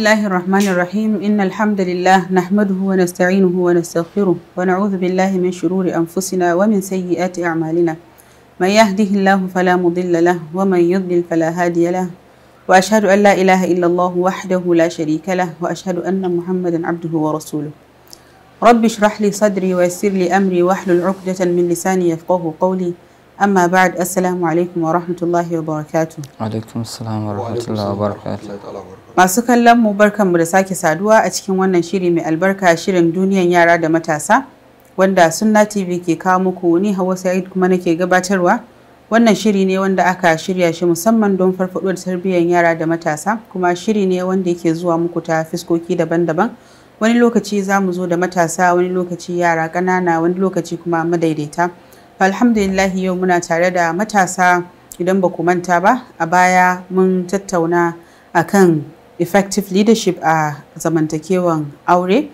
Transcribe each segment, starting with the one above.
بسم الله الرحمن الرحيم إن الحمد لله نحمده ونستعينه ونستغفره ونعوذ بالله من شرور أنفسنا ومن سيئات أعمالنا من يهده الله فلا مضل له ومن يضلل فلا هادي له وأشهد أن لا إله إلا الله وحده لا شريك له وأشهد أن محمدا عبده ورسوله رب اشرح لي صدري ويسر لي أمري واحلل عقدة من لساني يفقه قولي amma ba'd asalamu alaikum wa rahmatullahi wa barakatu alaikum assalam wa rahmatullahi wa barakatu masu kallon mu barkan mu da sake saduwa a cikin wannan shiri mai albarka shirin duniyan yara da matasa wanda sunna tv ke kawo muku ni hawa sa'id kuma nake gabatarwa wannan shiri ne wanda aka shirya shi musamman don farfaɗo da tarbiyyar yara da matasa kuma shiri ne wanda yake zuwa muku ta fiskoki daban-daban wani lokaci zamu zo da matasa wani lokaci yara ƙanana wani lokaci kuma madaidaita alhamdulillah yau muna tare da matasa idan ba ku manta ba a baya mun tattauna a kan effective leadership a zamantakewan aure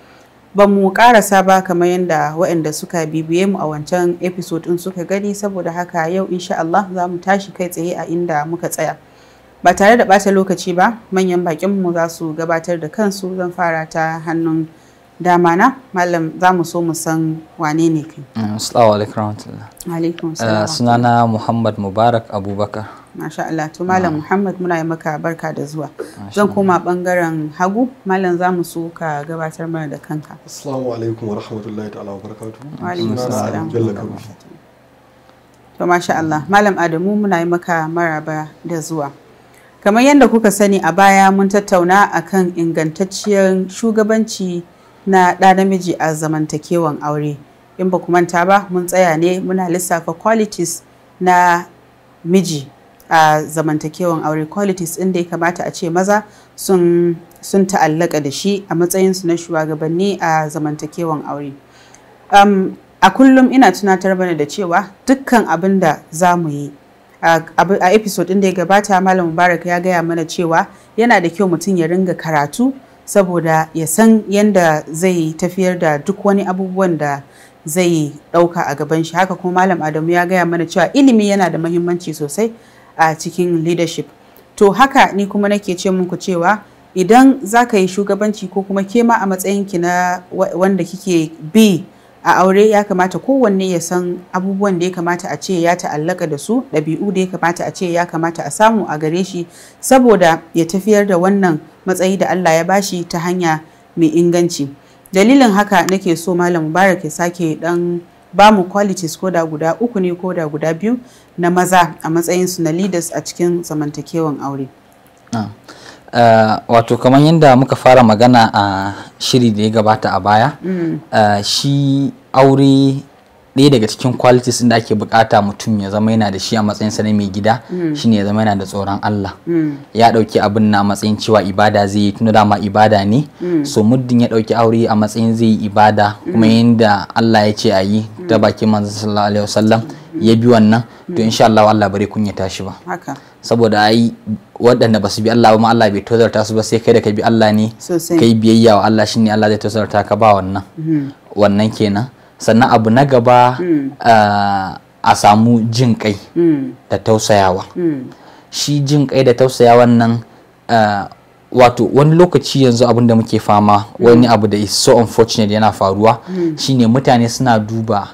ba mu karasa ba kamar yadda waɗanda suka bibiye mu a wancan episode ɗin suka gani saboda haka yau insha Allah za mu tashi kai tsaye a inda muka tsaya ba tare da ɓata lokaci ba manyan bakinmu za su gabatar da kansu zan fara ta hannun dama na malam za mu so mu san wane ne kai mm, assalamu alaikum warahmatullahi alaikum eh, sunana muhammad mubarak abubakar masha Allah to malam mm. muhammad muna yi maka barka da zuwa zan koma bangaren hagu malam za mu so ka gabatar mana da kanka assalamu alaikum warahmatullahi ta'ala barakatuh mm, wa alaikum assalam to masha Allah malam adamu muna yi maka maraba da zuwa kamar yadda kuka sani a baya mun tattauna akan ingantacciyar shugabanci na ɗa namiji a zamantakewan aure in ba manta ba mun tsaya ne muna lissafa qualities na miji a zamantakewan aure qualities ɗin da ya kamata a ce maza sun sun ta'allaka da shi a matsayinsu na shugabanni a zamantakewan aure um, a kullum ina tunatar bane da cewa dukkan abin da za mu yi a episode ɗin da ya gabata malam mubarak ya gaya mana cewa yana da kyau mutum ya ringa karatu saboda ya san yadda zai tafiyar da duk wani abubuwan da zai ɗauka a gaban shi haka kuma malam adamu ya gaya mana cewa ilimi yana da mahimmanci sosai a cikin leadership to haka ni kuma nake ce muku cewa idan za ka yi shugabanci ko kuma ke ma a matsayinki na wanda kike bi a aure ya kamata kowanne ya san abubuwan da ya kamata a ce ya ta'allaka da su ɗabi'u da ya kamata a ce ya kamata a samu a gare shi saboda ya tafiyar da wannan matsayi da Allah ya bashi ta hanya mai inganci dalilin haka nake so malam mubarak ya sake dan ba mu qualities da guda uku ne da guda biyu na maza a matsayin su na leaders a cikin zamantakewan aure ah, eh, wato kamar yadda muka fara magana a shiri da ya gabata a baya mm. eh, shi aure ɗaya daga cikin qualities da ake bukata mutum ya zama yana da shi a matsayin sa na mai gida mm. shine ya zama yana da tsoron Allah mm. ya dauki abin na matsayin cewa ibada zai yi tunda dama ibada ne mm. so muddin ya dauki aure a matsayin zai yi ibada kuma yanda Allah ya ce a yi ta baki manzo sallallahu alaihi wasallam ya bi wannan to insha Allah Allah bare kun ya tashi ba saboda ai waɗanda ba su bi Allah ba ma Allah bai tozarta su ba sai kai da ka bi Allah ne kai biyayya wa Allah shine Allah zai tozarta ka ba wannan wannan kenan sannan abu na gaba hmm. a samu jin kai hmm. da tausayawa hmm. shi jin kai da tausayawa nan wato wani lokaci yanzu abin da muke fama wani abu da is so unfortunate yana faruwa shine mutane suna duba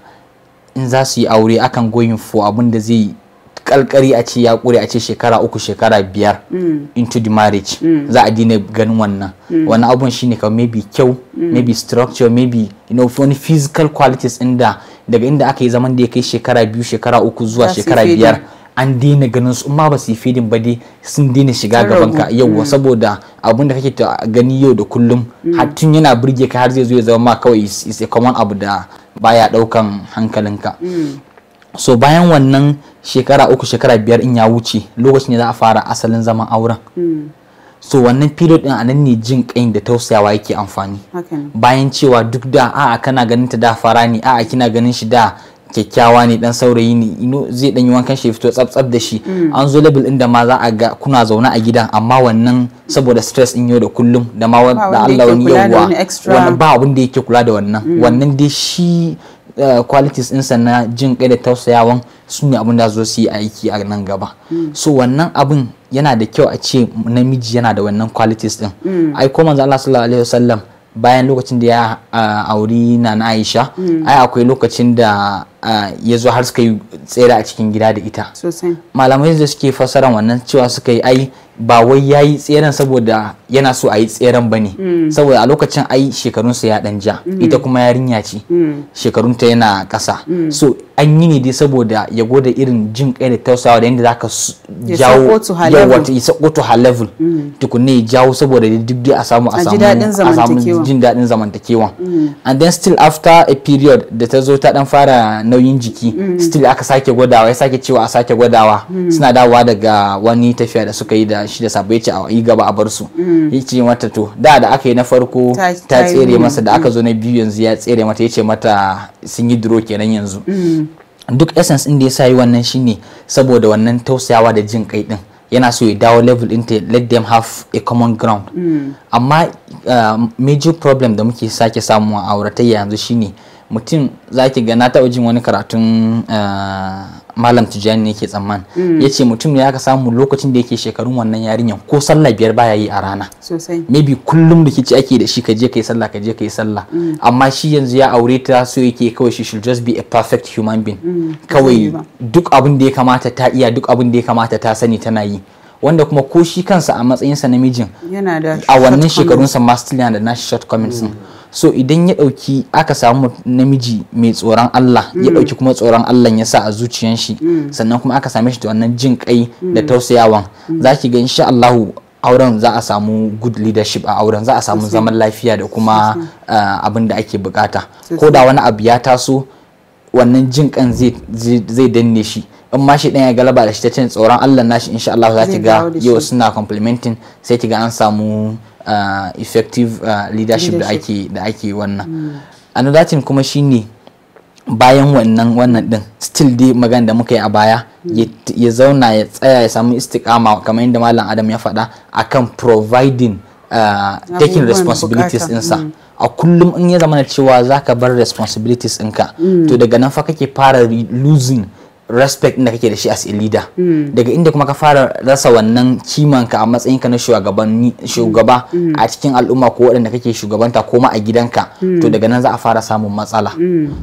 in za su yi aure akan goyin fo abin da zai kalkari a ce ya kure a ce shekara uku shekara biyar mm. into the marriage mm. za a dina ganin wannan mm. wani abun shine kamar maybe kyau maybe structure maybe you know wani physical qualities inda daga inda aka yi zaman da ya kai shekara biyu shekara uku zuwa shekara biyar an daina ganin su ma ba su yi fidin ba dai sun daina shiga gaban ka yau saboda abun da kake gani yau da kullum har tun yana burge ka har zai zo ya zama ma kawai is a common abu da baya daukan hankalinka so bayan wannan shekara uku shekara biyar in ya wuce lokacin da za a fara asalin zaman auren hmm. so wannan period din anan ne jin kain da tausayawa yake amfani bayan cewa duk da a'a kana ganin ta da fara ne a'a kina ganin shi da kyakkyawa ne dan saurayi ne ino zai dan yi wankan shi fito tsabtsab da shi hmm. an zo level din da ma za a ga kuna zaune a gidan amma wannan saboda stress in yau da kullum da ma da Allah wani yawwa wannan ba abin da yake kula da wannan hmm. wannan dai shi Eh, qualities ɗinsa na jin kai da tausayawan su ne abin da zo su yi aiki a nan gaba hmm. so wannan abin yana da kyau a ce namiji yana da wannan qualities din. Hmm. ai ko manzo Allah sallallahu alaihi wasallam bayan lokacin da ya auri na na Aisha hmm. ai akwai lokacin da ya zo har suka yi tsere a cikin gida da ita malamai da suke fasaran wannan cewa suka yi ai ba wai ya yi tseren saboda yana so a yi tseren ba ne mm. saboda a lokacin ai shekarunsa ya dan ja mm. ita kuma yarinya ce mm. shekarunta yana kasa so an yi ne dai saboda ya goda irin jin kai da tausawa da yadda za ka jawo yawata ya sako to high level tukunne ya jawo saboda duk dai a samu a samu jin daɗin zamantakewa and then still after a period da ta zo ta dan fara nauyin jiki still aka sake gwadawa ya sake cewa a sake gwadawa suna dawowa daga wani tafiya da suka yi da shi da sabbai ce a yi gaba a bar su mm. yace mata to da da aka yi na farko ta tsere masa da aka zo na biyu yanzu ya tsere mata yace mata sun yi duro kenan yanzu mm. duk essence din da ya sa yi wannan shine saboda wannan tausayawa da jin kai din yana so ya dawo level ɗinta let them have a common ground mm. amma ah, major problem da muke sake samu a auratayya yanzu shine mutum za ki ga na taɓa jin wani karatun eh, malam tijjani ne ke tsamman mm. ya ce mutum ne aka samu lokacin da yake shekarun wannan yarinyan ko sallah biyar baya yi a rana maybe kullum da kici ake da shi ka je ka yi sallah ka je ka yi sallah mm. amma shi yanzu ya aure ta so yake kawai shi should just be a perfect human being mm, kawai duk abin da ya kamata ta iya duk abin da ya kamata ta sani tana yi wanda kuma ko shi kansa a matsayinsa namijin a wannan shekarunsa sa da nashi shortcomings so idan ya ɗauki aka samu namiji mai tsoron Allah ya mm. ɗauki kuma tsoron Allah ya sa a zuciyan shi mm. sannan kuma aka same shi da wannan jin kai mm. da tausayawan za ga insha Allahu auren za a samu good leadership a auren za a samu zaman lafiya da kuma uh, abin da ake bukata ko da wani abu ya taso wannan jin kan zai danne shi in ma shi ya galaba da shi ta cin tsoron Allah nashi insha Allah za ki ga yau suna complimenting sai ki ga an samu uh, effective uh, leadership da ake wannan and hmm. another thing kuma shine bayan wannan wannan din still dai magana da muka yi a baya hmm. ya zauna ya tsaya ya samu istiqama kamar yadda mallam adam ya faɗa akan providing uh, taking responsibilities ɗinsa hmm. a kullum in ya zama cewa za ka bar responsibilities ɗinka to daga nan fa kake fara losing respect da kake da shi as a leader hmm. daga inda kuma ka fara rasa wannan ka a matsayin ka na shugaba hmm. Hmm. a cikin al'umma ko waɗanda kake shugabanta ko ma a gidanka to daga nan za a fara samun matsala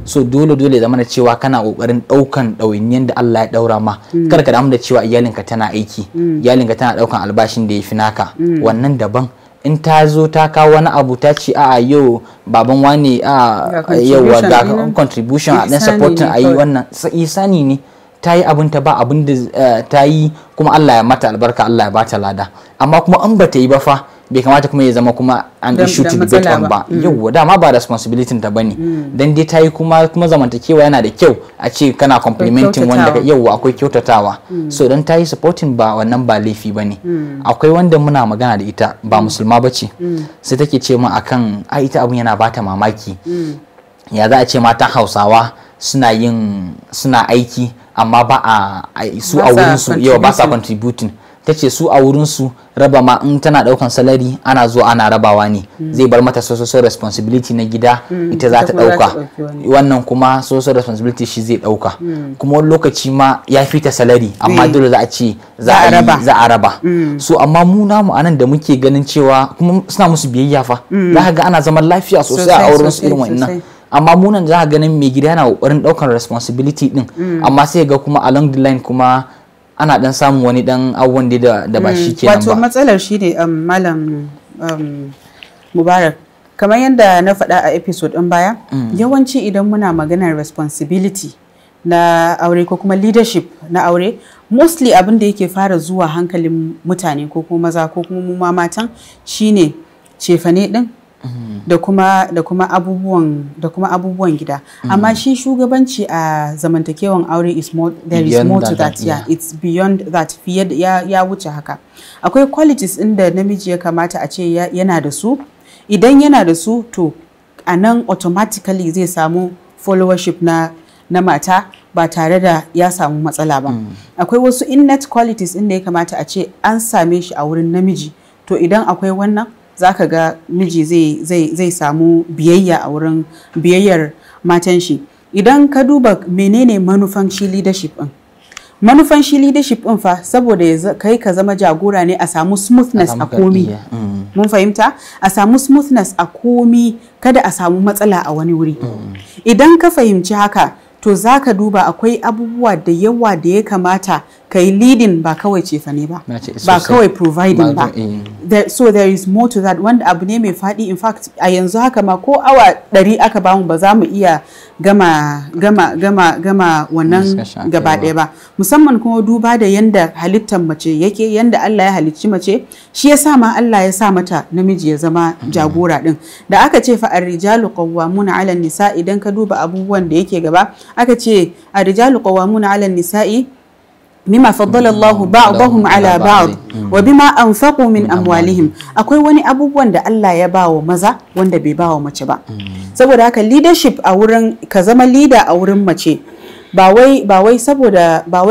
so dole dole zama na cewa kana kokarin ɗaukan ɗawainiyar da Allah ya daura ma kar ka damu da cewa iyalinka tana aiki iyalinka tana ɗaukan albashin da ya fi naka wannan daban in ta zo ta kawo wani abu ta ce a yau baban wani a yau ga contribution a dan supporting a yi wannan isani ne ta yi abinta ba abin da eh, ta yi kuma Allah ya mata albarka Allah ya bata lada amma kuma an bata yi ba fa bai kamata kuma ya zama kuma an da to debate on ba mm. yauwa dama ba responsibility ta bane mm. dan dai ta yi kuma kuma zamantakewa yana da kyau a ce kana complimenting wanda yawwa akwai kyautatawa mm. so dan ta yi supporting ba wannan ba laifi ba ne akwai wanda muna magana da ita ba musulma ba ce sai take ce min akan ai ita abun yana bata mamaki ya za a ce matan Hausawa suna yin suna aiki amma ba a su a wurin yau ba sa contributing ta ce su a wurin su raba ma in tana daukan salari ana zuwa ana rabawa ne hmm. zai bar mata social responsibility na gida hmm. ita za ta dauka wannan kuma social responsibility shi zai dauka hmm. kuma wani lokaci ma ya ta salari amma eh. dole za a ce za a raba so amma mu namu anan da muke ganin cewa kuma suna musu biyayya fa za ka ga ana zaman lafiya sosai a wurin su irin wannan amma munan za a ganin mai gida yana kokarin ɗaukar responsibility din mm. amma sai ga kuma along the line kuma ana dan samun wani dan awon da da ba shi mm. kenan ba wato matsalar shine um, malam um, mubarak kamar yadda na faɗa a episode din baya mm. yawanci idan muna maganar responsibility na aure ko kuma leadership na aure mostly abin da yake fara zuwa hankalin mutane ko kuma maza ko kuma mu matan shine cefane din. Mm-hmm. da kuma abubuwan gida mm-hmm. amma shi shugabanci a zamantakewan aure is more there is more to that yeah it's beyond that fiye da ya wuce haka akwai qualities inda namiji ya kamata a ce yana da su idan yana da su to a nan automatically zai samu followership na na mata ba tare da ya samu matsala ba mm. akwai wasu innate qualities inda ya kamata a ce an same shi a wurin namiji to idan akwai wannan za ka ga miji zai samu biyayya a wurin biyayyar matan shi idan ka duba menene manufan shi leadership din manufan shi leadership din fa saboda kai ka zama jagora ne a samu smoothness a komi mm. mun fahimta a samu smoothness a komi kada a samu matsala a wani wuri mm. idan ka fahimci haka to za ka duba akwai abubuwa da yawa da ya kamata kai leading ba kawai ne ba ba kawai providing eh. ba so there is more to that wanda abu ne mai faɗi in fact a yanzu haka ma ko awa ɗari aka bamu ba za mu iya gama gama gama gama wannan gaba ɗaya ba musamman kuma duba da yanda halittar mace yake yanda Allah ya halicci mace shi ya sa ma Allah ya sa mata namiji ya zama jagora din da aka ce fa ar-rijalu 'ala nisa idan ka duba abubuwan da yake gaba aka ce ar-rijalu qawwamuna 'ala nisa'i bima faddala Allah ba'dahum ala ba'd mm. wa bima anfaqu min amwalihim akwai wani abubuwan da Allah ya bawa maza wanda bai bawa mace ba mm. saboda haka leadership a ka zama leader a wurin mace ba wai saboda ba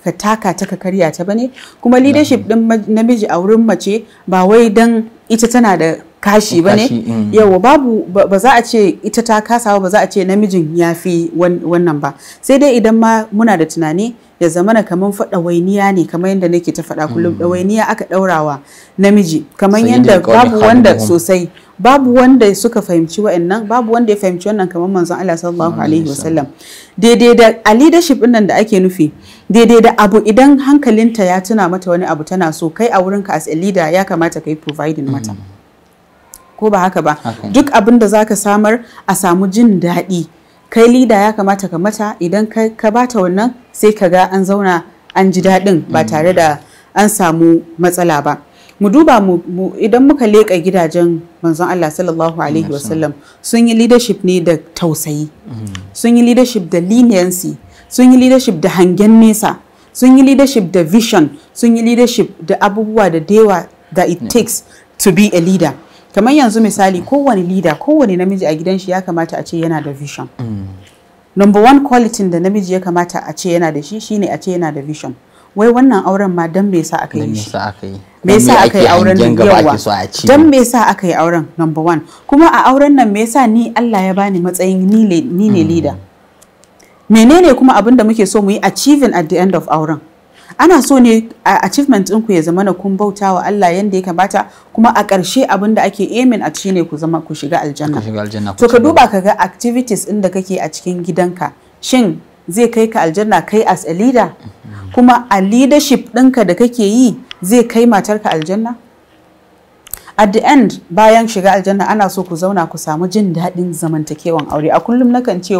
ka taka ta ka karya ta bane kuma mm. leadership din namiji a wurin mace ba wai don ita tana da kashi ba ne yawa ba za a ce ita ta kasawa ba za a ce namijin ya fi wannan ba sai dai idan ma muna da tunani ya zamana kaman faɗawainiya wainiya ne kamar yadda nake ta faɗa kullum hmm. ɗawainiya aka ɗaurawa namiji kamar yadda babu wanda sosai babu wanda suka fahimci wa'annan babu wanda ya fahimci wannan kamar manzon Allah sallallahu alaihi wasallam daidai da a leadership din nan da ake nufi daidai da abu idan hankalinta ya tuna mata wani abu tana so kai a wurin ka as a leader ya kamata kai providing hmm. mata ko ba haka ba duk abin da zaka samar a samu jin daɗi kai lida ya kamata ka mata idan ka bata wannan sai ka ga an zauna an ji daɗin ba mm. tare da an samu matsala ba mu duba mu idan muka leƙa gidajen manzon Allah sallallahu alaihi wasallam sun yi leadership ne da tausayi mm. sun yi leadership da leniency sun yi leadership da hangen nesa sun yi leadership da vision sun yi leadership da abubuwa da dewa that it takes to be a leader kamar yanzu misali kowane leader kowane namiji a gidan shi ya kamata a ce yana da vision number one quality da namiji ya kamata a ce yana da shi shine a ce yana da vision wai wannan auren ma dan me yasa aka yi shi me aka yi auren nan yawa dan me yasa aka yi auren number one kuma a auren nan me yasa ni Allah ya bani matsayin ni ne mm. leader menene kuma abin da muke so mu yi achieving at the end of auren ana so ne a achievement ɗinku ya zama na kun bauta wa Allah yanda ya kamata kuma a ƙarshe abin da ake aimin a ci ne ku zama ku shiga aljanna to ka duba ka ga activities ɗin da kake a cikin gidanka shin zai kai ka aljanna kai as a leader mm-hmm. kuma a leadership ɗinka da kake yi zai kai matarka aljanna at the end bayan shiga aljanna ana so ku zauna ku samu jin daɗin zamantakewan aure a kullum nakan ce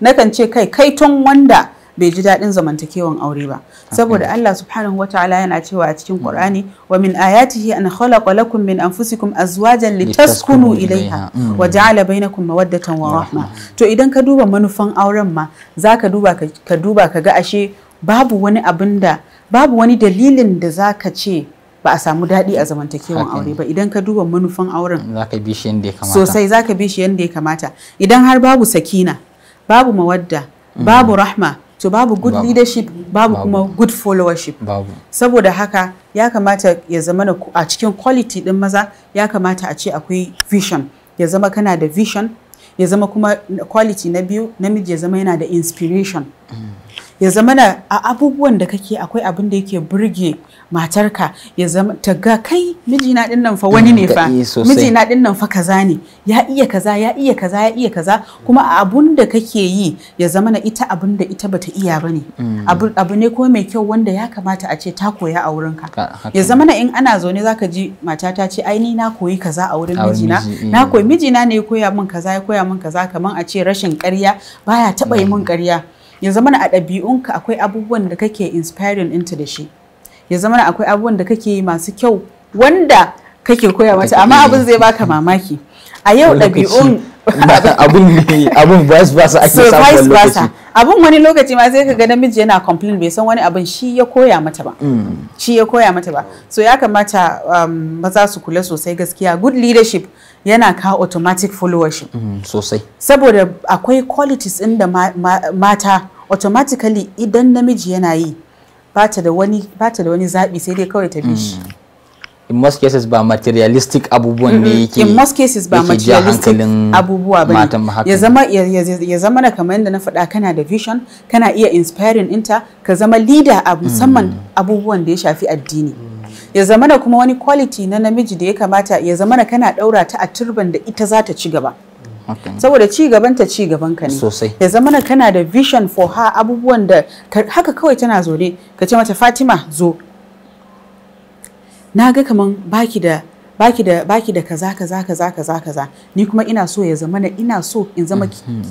na nakan ce kai kai ton wanda bai ji daɗin zamantakewan aure ba saboda Allah subhanahu wataala yana cewa a cikin Qur'ani wa min ayatihi an khalaqa lakum min anfusikum azwajan litaskunu ilaiha wa mm. ja'ala bainakum mawaddatan wa rahma to idan ka duba manufan auren ma zaka duba ka duba ka ga ashe babu wani abin da babu wani dalilin da zaka ce ba a samu daɗi a zamantakewan aure ba idan ka duba manufan auren zaka bi shi yanda ya kamata sosai zaka bi shi yanda ya kamata idan har babu sakina babu mawadda mm. babu rahma to babu good babu. leadership babu, kuma good followership babu. saboda haka ya kamata ya zama a cikin quality din maza ya kamata a ce akwai vision ya zama kana da vision ya zama kuma quality na biyu namiji ya zama yana da inspiration ya zama na a abubuwan da kake akwai abin da yake burge matarka ya zama ta ga kai mijina din nan fa wani ne mm, fa eh, mijina din nan fa kaza ne ya iya kaza ya iya kaza ya iya kaza kuma a abun da kake yi ya zama na ita abun da ita bata iya ba ne. Mm. abu ne ko mai kyau wanda ya kamata a ce ta koya a wurin ka. Ah, ya zama na in ana zaune zaka ji mata ta ce ai ni na koyi kaza a wurin mijina na eh. koyi mijina ne ya koya min kaza ya koya min kaza kaman a ce rashin ƙarya baya taɓa yi mm. min ƙarya ya zama a ɗabi'unka akwai abubuwan da kake inspiring into da shi ya zama akwai abubuwan da kake yi masu kyau wanda kake koya mata amma abin zai baka mamaki a yau ɗabi'un abin su ba su ake samun lokaci abun wani lokaci ma sai ka ga namiji yana complain bai san wani abin shi ya koya mata ba mm. shi ya koya mata ba so ya kamata um, maza su kula sosai gaskiya good leadership yana ka automatic followership mm, sosai saboda akwai qualities din da mata automatically idan namiji yana yi bata da wani zaɓi da wani zabi sai dai kawai ta bi shi mm. in most cases ba materialistic abubuwan ne yake in most cases ba materialistic abubuwa ba ya zama ya zama na kamar yadda na faɗa kana da vision kana iya inspiring inta ka zama leader a musamman mm. abubuwan da ya shafi addini ya zama da kuma wani quality na namiji da ya kamata ya zama na kana ɗaura ta a turban da ita za ta ci gaba saboda ci gaban ta ci gaban ka ne ya zama na kana da vision for her abubuwan da haka kawai tana zo ne ka ce mata Fatima zo na ga kaman baki da baki da baki da kaza kaza kaza kaza kaza ni kuma ina so ya zama na ina so in zama mhm.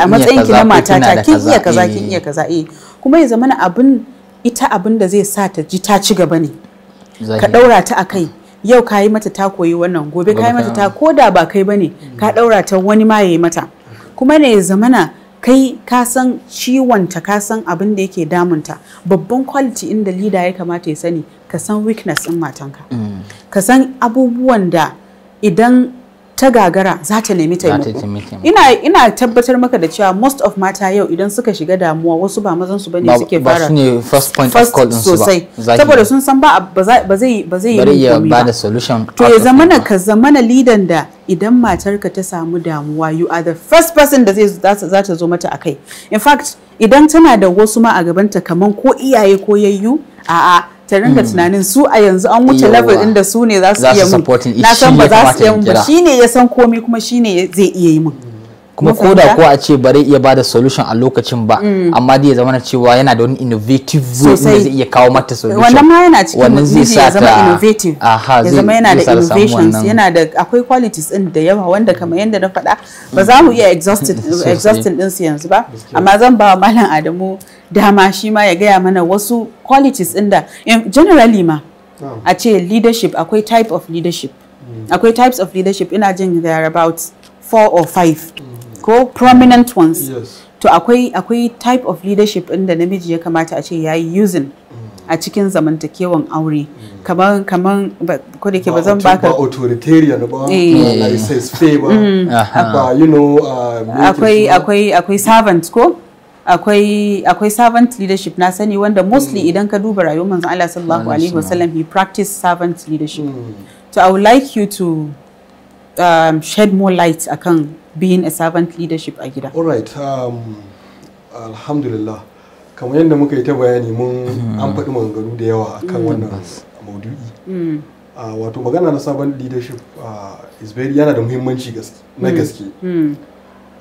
a matsayin ki na matata kin iya kaza kin eh. iya kaza eh kuma ya zama na abin ita abin da zai sa ta ji ta ci gaba ne ka daura ta akai yau kayi mata ta koyi wannan gobe kayi mata ta koda ba kai bane mm. ka daura ta wani ma yayi mata kuma ne ya zamana kai ka san ciwon ta ka san abin da yake damunta babban quality inda leader ya kamata ya sani ka san weakness ɗin matanka mm. ka san abubuwan da idan ta gagara za ta nemi taimako ina ina tabbatar maka da cewa most of mata yau idan suka shiga damuwa wasu ba mazan su bane suke fara ba ne first point first of call sosai saboda sun san ba ba zai ba zai yi ba da solution to ya zamana ka zamana lidan da idan matarka ta samu damuwa you are the first person da zai za ta zo mata akai in fact idan tana da wasu ma a gaban ta kaman ko iyaye ko yayyu a'a ta ringa hmm. tunanin su a yanzu an wuce level din da su ne za su iya mun na san ba za su iya mun ba shine ya san komai kuma shine zai iya yi mun kuma ko da ko a ce bare iya bada solution a lokacin ba mm. amma dai ya zama cewa yana da wani innovative way da zai iya kawo mata solution wannan ma yana cikin wannan zai sa ta innovative aha zai zama yana da innovations yana da akwai qualities din da yawa wanda kamar yanda na faɗa ba za mu iya exhausted exhausting din su yanzu ba amma zan ba malam Adamu dama shi ma ya gaya mana wasu qualities din da generally ma ah. a ce leadership akwai type of leadership mm. akwai types of leadership ina jin there about four or five mm. ko prominent ones yes. to akwai akwai type of leadership in da namiji ya kamata a ce ya yi using mm. a cikin zamantakewan aure kamar mm. kamar ko da ke ba zan baka ba authoritarian ba eh. like says favor ba mm. you know uh, akwai akwai akwai servant ko akwai akwai servant leadership na sani wanda mostly idan ka duba rayuwar manzon Allah sallallahu alaihi wasallam he practice servant leadership so i would like you to um, shed more light akan being a servant leadership a gida all right um, alhamdulillah kamar yadda muka yi ta bayani mun hmm. an faɗi maganganu da yawa akan hmm. wannan maudu'i hmm. ah, wato magana na sabon leadership ah, is very yana da muhimmanci na gaske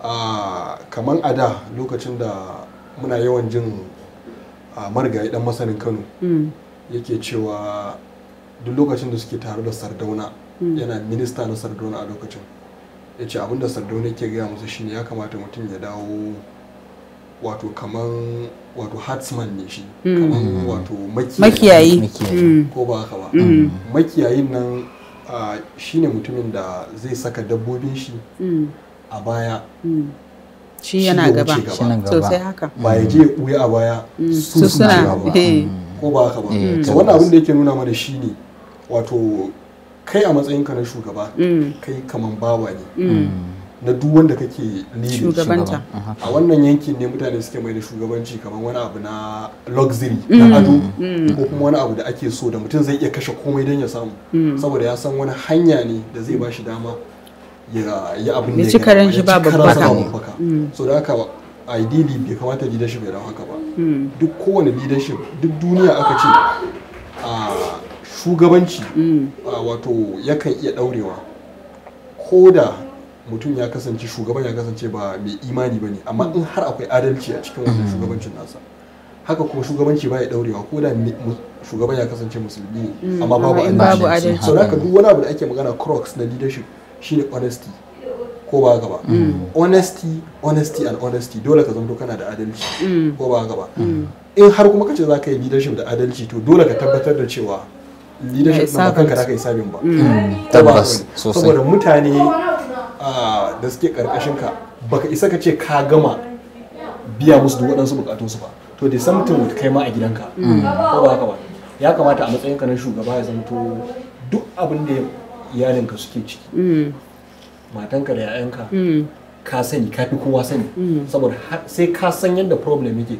ah, kamar a da lokacin da muna yawan jin marigayi ɗan masanin kano yake cewa duk lokacin da suke tare da sardauna Hmm. yana minista na sardauna a lokacin ya ce abinda sardauna ke gaya musu ne ya kamata mutum ya dawo wato kaman wato hatsman ne shi hmm. kamar hmm. wato makiyayi ko ba haka ba makiyayin nan shine mutumin da zai saka dabbobin shi a baya shi yana gaba sosai haka ba ya je ɓuya a baya su suna eh. ko ba haka ba eh, wannan abin da yake nuna mana shi ne wato kai a matsayinka na shugaba mm. kai kamar bawa ne mm. na duk wanda kake shugabanta a wannan yankin ne mutane suke mai da shugabanci kamar wani abu na luxury na mm. ado ko kuma wani abu da ake so da mutum zai iya kashe komai don ya samu saboda ya san wani hanya ne da zai bashi dama ya yi abin da ya cikaran shi ba babbaka so da haka ideally bai kamata leadership ya dawo haka ba duk kowane leadership duk duniya aka ce shugabanci mm. ah, wato yakan iya daurewa ko da mutum ya kasance shugaban ya kasance ba mai imani ba ne amma in har akwai adalci a cikin wannan mm. shugabancin nasa haka kuma shugabanci ba ya daurewa ko da shugaban ya kasance musulmi ne mm, amma babu adalci so haka duk wani abu da ake magana crux na leadership shine honesty ko ba haka ba honesty honesty and honesty dole ka zamto kana da adalci ko ba haka ba in har kuma kace za ka yi leadership da adalci to dole ka tabbatar da cewa leadership na kanka da ka yi sabin mm. ba tabbas sosai saboda mutane ah, da suke karkashin ka baka isa ka ce ka gama biya musu duk waɗansu bukatunsu ba to da samtin mutu kai ma a gidanka mm. ko ba haka ba ya kamata a matsayinka na shugaba ya zanto duk abin da iyalinka suke ciki mm. matanka da 'ya'yanka ka sani ka fi kowa sani mm. saboda sai ka san yadda problem yake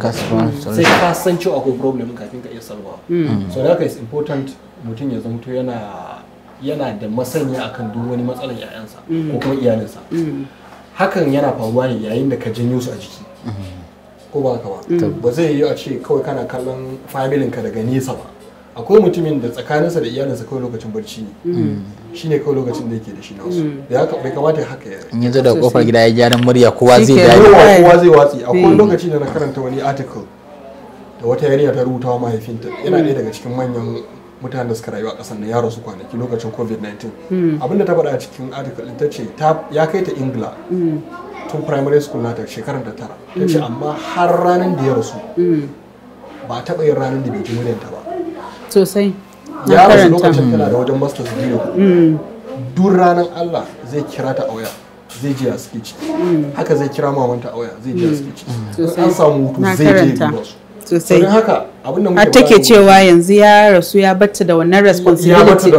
kafin ka iya salwa. Mm. sai ka san cewa akwai problem kafin ka iya salwa. Mm. so da is important mutum ya zamto yana yana da masaniya akan duk wani matsalar yayansa ko kuma iyalinsa hakan yana faruwa ne yayin da ka janyo su a jiki ko ba ka ba ba zai yi a ce kawai kana kallon familin ka daga nesa ba akwai mutumin da tsakaninsa da iyalinsa kawai lokacin barci ne shine kawai lokacin da yake da shi na wasu mm. da haka bai kamata haka ya in yanzu da kofar gida ya gyaran murya kowa zai gyaran kowa zai watsi akwai hmm. lokaci da na karanta wani article da wata yarinya ta rubuta wa mahaifinta yana hmm. ɗaya daga cikin manyan mutanen da suka rayu a ƙasar nan ya rasu kwanaki lokacin covid-19 hmm. abinda ta faɗa a cikin article ta ce ya kai ta ingila tun primary school nata shekarar da tara ta ce amma har ranar da ya rasu ba a taɓa yin ranar da bai ji muryanta ba sosai ya rasu lokacin tana da hmm. wajen masters biyu hmm. duk ranar Allah zai kira ta auya zai je a suke ciki hmm. haka zai kira mamanta auya zai je a suke ciki an samu hutu zai je ya duba sosai haka har take cewa yanzu ya rasu ya batta da wannan responsibility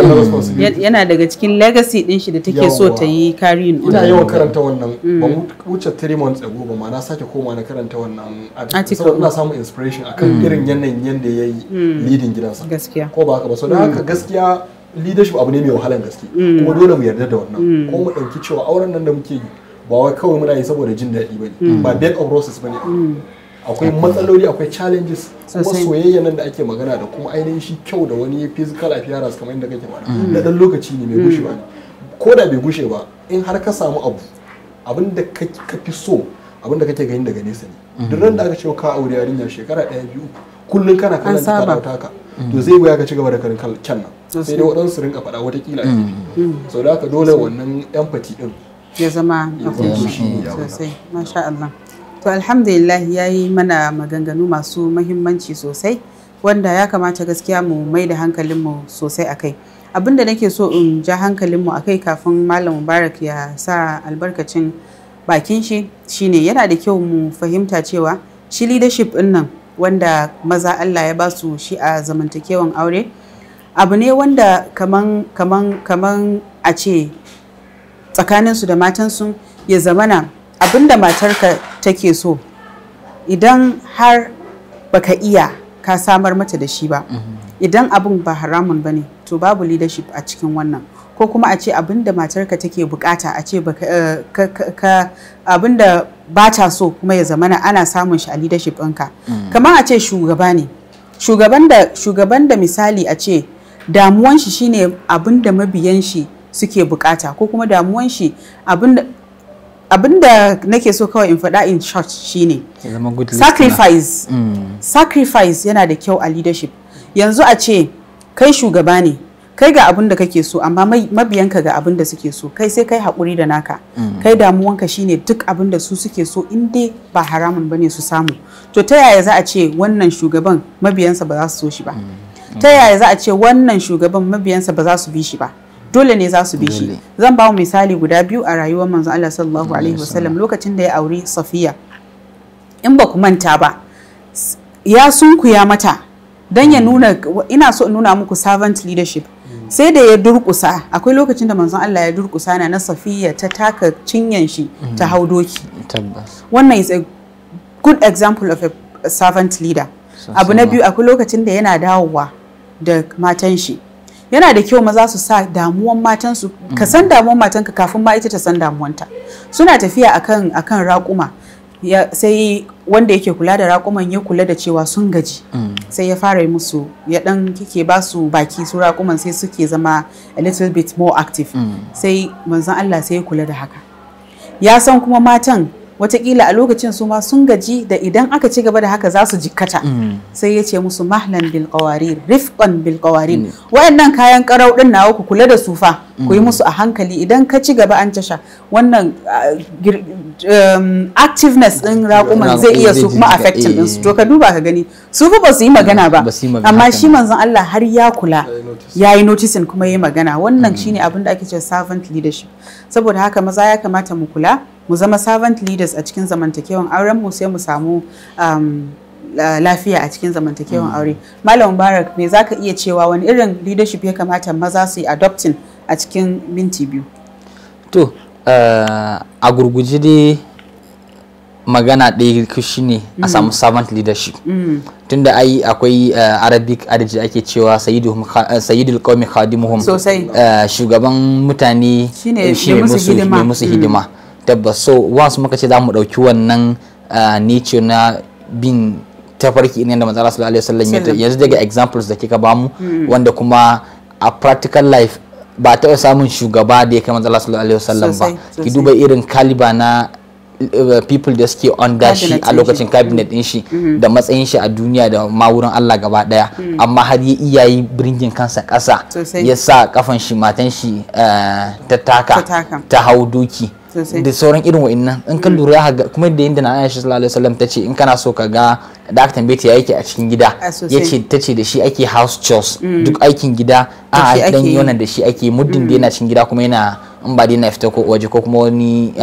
yana daga cikin legacy din shi da take so ta yi kari ina yawa karanta wannan mm. ba mu wuce 3 months ago ba ma na sake koma na karanta wannan article ina samun inspiration akan mm. irin yanayin yanda ya yi mm. leading gidansa gaskiya ko ba haka ba so haka gaskiya leadership abu ne mai wahalan gaske kuma dole mu yarda da wannan ko mu ɗauki cewa auren nan da muke yi ba wai kawai muna yi saboda jin daɗi ba ne ba bed of roses ba ne akwai matsaloli akwai challenges kuma soyayya nan da ake magana da kuma ainihin shi kyau da wani physical appearance kamar yadda kake magana mm. da dan lokaci ne mai gushewa mm. ne ko da bai gushe ba in har ka samu abu abin da ka fi so abin da kake gani daga nesa ne mm. duk ran da aka ce ka aure yarinya shekara ɗaya biyu kullum kana kallon ta karauta ka to zai wuya ka ci gaba da karin kyan nan sai dai waɗansu rinka faɗa watakila a so da haka dole wannan yan fati ɗin ya zama a sosai masha Allah To alhamdulillah ya yi mana maganganu masu mahimmanci sosai wanda ya kamata gaskiya mu mai da hankalinmu sosai akai. Abinda nake so in ja hankalinmu akai kafin Malam Mubarak ya sa albarkacin bakin shi shine yana da kyau mu fahimta cewa shi leadership din nan wanda maza Allah ya ba su shi a zamantakewan aure abu ne wanda kaman kaman kaman a ce tsakaninsu da matansu ya zamana abinda matarka take so idan har baka iya ka samar mata da shi ba mhm. idan abin ba haramun ba ne to babu leadership a cikin wannan ko kuma a ce abinda matarka take bukata a ce eh, abinda ba ta so kuma ya zamana ana samun shi a leadership ɗinka mhm. kamar a ce shugaba ne shugaban da misali a ce damuwan shi shine abinda mabiyan shi suke bukata ko kuma damuwan shi abinda abinda nake so kawai in faɗa in church shine sacrifice mm. sacrifice yana da kyau a leadership yanzu a ce kai shugaba ne kai ga abin da kake so amma mabiyanka ga abin da suke so kai sai kai haƙuri da naka mm. kai damuwanka shine duk abin da su suke so in dai ba haramun bane su samu to ta yaya za a ce wannan shugaban mabiyansa ba za su so shi ba mm. ta yaya za a ce wannan shugaban mabiyansa ba za su bi shi ba dole ne za su bi shi zan ba misali guda biyu a rayuwar manzo Allah sallallahu alaihi wasallam lokacin da ya auri Safiya in ba ku manta ba ya sunkuya mata dan ya hmm. nuna ina so in nuna muku servant leadership hmm. sai da ya durkusa akwai lokacin da manzon Allah ya durkusa na na safiya ta taka cinyan shi ta hmm. hau doki wannan is a good example of a servant leader abu na biyu akwai lokacin da yana dawowa da matan shi yana da kyau maza su sa damuwan matansu ka mm. san damuwan matanka kafin ma ita ta san damuwanta suna tafiya akan akan raƙuma sai wanda yake kula da raƙuman ya kula da cewa sun gaji mm. sai ya fara musu ya dan kike ba su baki su raƙuman sai suke zama a little bit more active mm. sai manzon Allah sai ya kula da haka ya san kuma matan watakila a lokacin su ma sun gaji da idan aka ci gaba da haka za su jikkata mm. sai ya ce musu mahlan bil qawarir rifqan bil qawarir mm. wayannan kayan karau din nawa ku kula da su fa ku yi mm. musu a hankali idan ka ci gaba an tasha wannan ah, um, activeness din raƙuman zai iya su kuma affecting din su eh. to ka duba ka gani su fa ba su yi magana ba amma shi manzon Allah har ya kula ya yi noticing kuma ya yi magana wannan shine abin da ake cewa servant leadership saboda haka maza ya kamata mu kula mu zama servant leaders a cikin zamantakewan auren mu sai mu samu um, lafiya a cikin zamantakewan mm. aure malam mubarak me za ka iya cewa wani irin leadership ya kamata maza su yi adopting a cikin minti biyu to eh, a gurguji dai magana ɗaya shi ne a mm. samu servant leadership mm. tunda ai akwai eh, arabic adiji ake cewa sayyidul eh, qawmi khadimuhum shugaban mutane shi ne musu hidima tabbas so once muka ce za mu ɗauki wannan nature na bin tafarki ne da matsala sallallahu alaihi wasallam yanzu daga examples da kika bamu mm. wanda kuma a practical life ba a taɓa samun shugaba da ya kai manzara sallallahu alaihi wasallam ba ki duba irin kaliba na eh, people da suke under shi a lokacin cabinet din shi mm-hmm. da matsayin shi a duniya da ma wurin Allah gaba daya mm. amma har ya iyayi yi birgin kansa ƙasa ya sa kafan shi matan shi eh, ta taka ta hau doki da sauran irin wa'annan in ka mm. lura ga kuma da yadda na Aisha sallallahu alaihi wasallam tace in kana so ka ga da aka yake a cikin gida yace tace da shi ake house chores mm. duk aikin gida a dan wannan da shi ake muddin da mm. yana cikin gida kuma yana in ba dai na fita ko waje ko kuma wani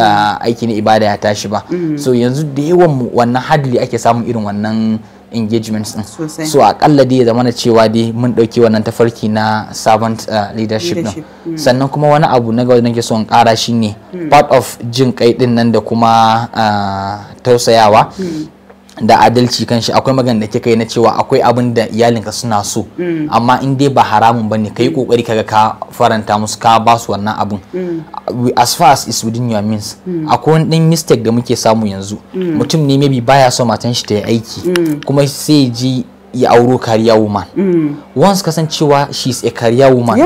aiki na ibada ya tashi ba so yanzu da yawan wannan hadli ake samun irin wannan engagements din so akalla dai ya zamana cewa dai mun dauki wannan tafarki na servant uh, leadership din hmm. sannan kuma wani abu na ga nake so in kara ne hmm. part of jin kai din nan da kuma uh, tausayawa hmm. da adalci kan shi akwai magana da kika yi na cewa akwai abin da iyalinka suna so mm. amma in dai ba haramun bane kai kokari mm. kaga ka faranta musu ka ba su wannan abun. Mm. as far as is within your means akwai wani ɗan mistake da muke samu yanzu mutum ne maybe baya so matan shi ta yi aiki kuma sai ji ya auro career woman mm. once kasancewa cewa she is a career woman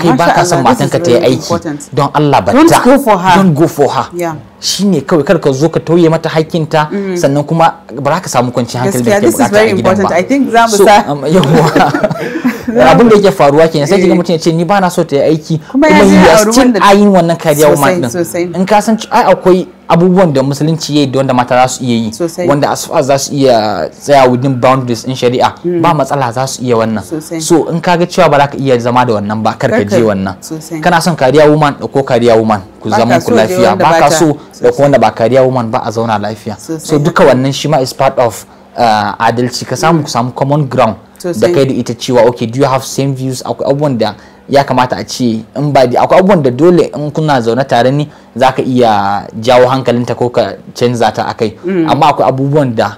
kai ba ka san matanka ta yi aiki don Allah ba ta don't go for her shine kawai kar ka zo ka tauye mata hakkinta mm. sannan kuma ba za ka samu kwanciyar hankali da ke bukata a gidan ba I think za mu sa um, abin da yake faruwa kenan sai kiga eh. mutum ya ce ni ba na so ta yi aiki kuma ya are a ayin wannan kariya woman din in ka san ai akwai abubuwan da musulunci ya yi da wanda mata za su iya yi wanda as far za su iya tsaya within boundaries in shari'a hmm. ba matsala za su iya wannan so in ka ga cewa ba za ka iya zama da wannan ba kar ka je wannan kana son kariya woman da ko kariya woman ku zama ku lafiya ba ka so da ko wanda ba kariya woman ba a zauna lafiya so duka wannan shi ma is part of uh, adalci ka samu ku samu common ground da kai da ita cewa okay do you have same views akwai abubuwan da ya kamata a ce in ba da akwai abubuwan da dole in kuna zaune tare ni za ka iya jawo hankalinta ko ka canza ta akai mm. amma akwai abubuwan da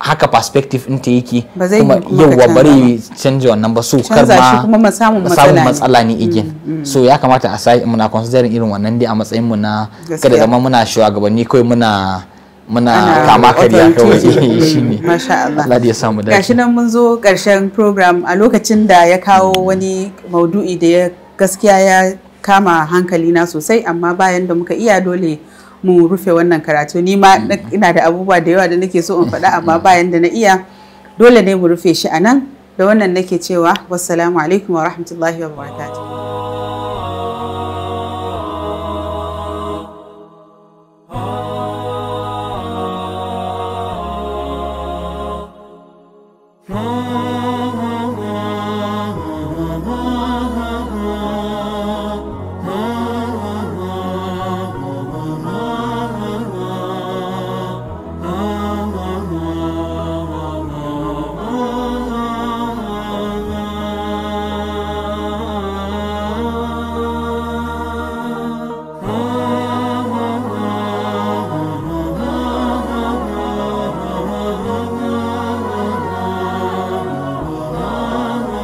haka perspective in ta yake kuma yauwa bari canja wannan ba so kar ma samun matsala ne igin mm, mm. so ya kamata a sai muna considering irin wannan dai a matsayin mu na kada zama muna shugabanni kawai muna muna kama karya kawai shine mm, ya samu dace gashi nan mun zo karshen program a lokacin da ya kawo mm. wani maudu'i da ya gaskiya ya kama hankali na sosai amma bayan da muka iya dole mu rufe wannan karatu ni ma mm. ina da abubuwa da yawa da nake so in faɗa amma bayan da na iya dole ne mu rufe shi a nan da wannan nake cewa wassalamu alaikum wa rahmatullahi wa barakatuh